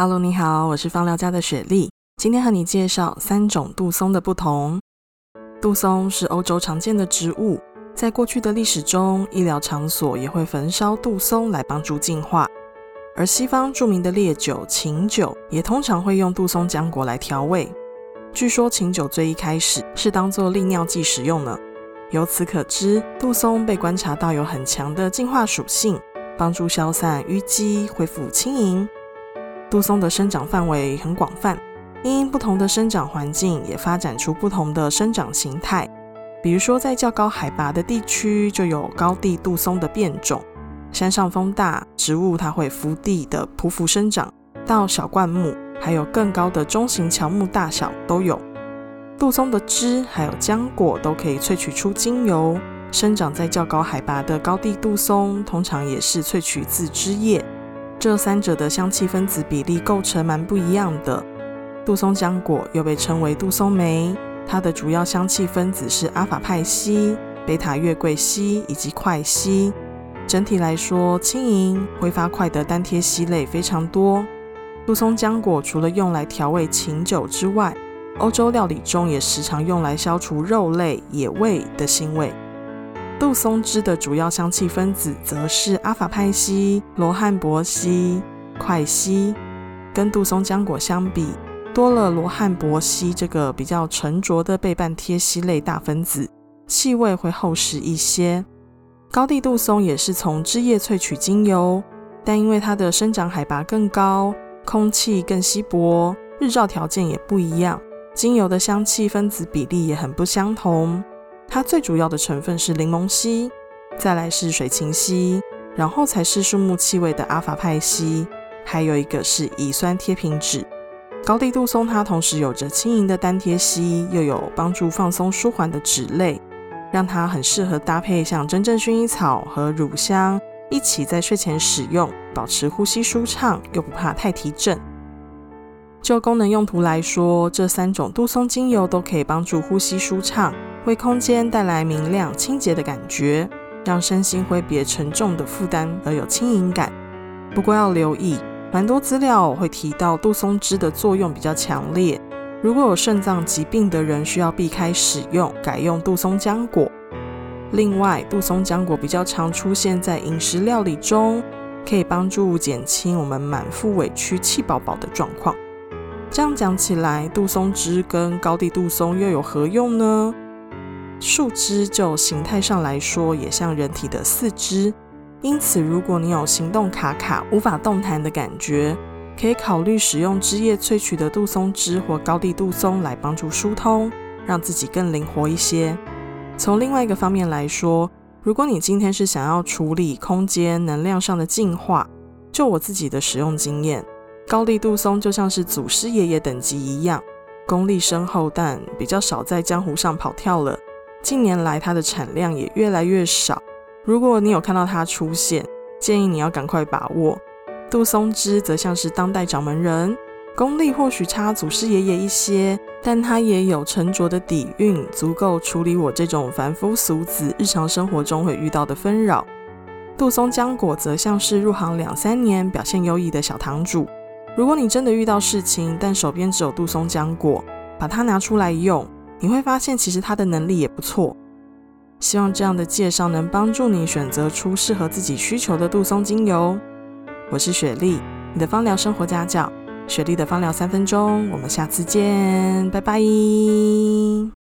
Hello，你好，我是芳療家的雪莉。今天和你介紹三種杜松的不同。杜松是歐洲常見的植物，在過去的歷史中，醫療場所也會焚燒杜松來幫助淨化。而西方著名的烈酒，琴酒也通常會用杜松漿果來調味。據說琴酒最一開始是當做利尿劑使用的。由此可知，杜松被觀察到有很強的淨化屬性，幫助消散淤積，恢復輕盈。杜松的生長範圍很廣泛，因不同的生長環境也發展出不同的生長形態。比如說，在較高海拔的地區，就有高地杜松的變種。山上風大，植物它會伏地的匍匐生長，到小灌木，還有更高的中型喬木大小都有。杜松的枝還有漿果都可以萃取出精油。生長在較高海拔的高地杜松，通常也是萃取自枝葉。這三者的香氣分子比例構成蠻不一樣的。杜松漿果又被稱為杜松莓，它的主要香氣分子是阿法蒎烯、貝塔月桂烯以及檜烯。整體來說，輕盈、揮發快的單萜烯類非常多。杜松漿果除了用來調味琴酒之外，歐洲料理中也時常用來消除肉類、野味的腥味。杜松枝的主要香氣分子則是阿法蒎烯、羅漢柏烯、檜烯。跟杜松漿果相比，多了羅漢柏烯這個比較沉着的倍半萜烯類大分子，氣味會厚實一些。高地杜松也是從枝葉萃取精油，但因為它的生長海拔更高，空氣更稀薄，日照條件也不一樣，精油的香氣分子比例也很不相同。它最主要的成分是檸檬烯，再來是水芹烯，然後才是樹木氣味的 α- 蒎烯，還有一個是乙酸萜品酯。高地杜松它同時有着輕盈的單萜烯，又有幫助放鬆舒緩的酯類，讓它很適合搭配像真正薰衣草和乳香一起在睡前使用，保持呼吸舒暢又不怕太提振。就功能用途來說，這三種杜松精油都可以幫助呼吸舒暢。為空間帶來明亮、清潔的感覺，讓身心揮別沉重的負擔而有輕盈感。不過要留意，蠻多資料會提到杜松枝的作用比較強烈，如果有腎臟疾病的人需要避開使用，改用杜松漿果。另外，杜松漿果比較常出現在飲食料理中，可以幫助減輕我們滿腹委屈、氣飽飽的狀況。這樣講起來，杜松枝跟高地杜松又有何用呢？樹枝就形態上來說，也像人體的四肢，因此，如果你有行動卡卡、無法動彈的感覺，可以考慮使用枝葉萃取的杜松枝或高地杜松來幫助疏通，讓自己更靈活一些。從另外一個方面來說，如果你今天是想要處理空間能量上的淨化，就我自己的使用經驗，高地杜松就像是祖師爺爺等級一樣，功力深厚，但比較少在江湖上跑跳了。近年來，它的產量也越來越少。如果你有看到它出現，建議你要趕快把握。杜松枝則像是當代掌門人，功力或許差祖師爺爺一些，但他也有沉着的底蘊，足夠處理我這種凡夫俗子日常生活中會遇到的紛擾。杜松漿果則像是入行兩三年、表現優異的小堂主。如果你真的遇到事情，但手邊只有杜松漿果，把它拿出來用。你會發現，其實它的能力也不錯。希望這樣的介紹能幫助你選擇出適合自己需求的杜松精油。我是雪莉，你的芳療生活家教。雪莉的芳療三分鐘，我們下次見，拜拜。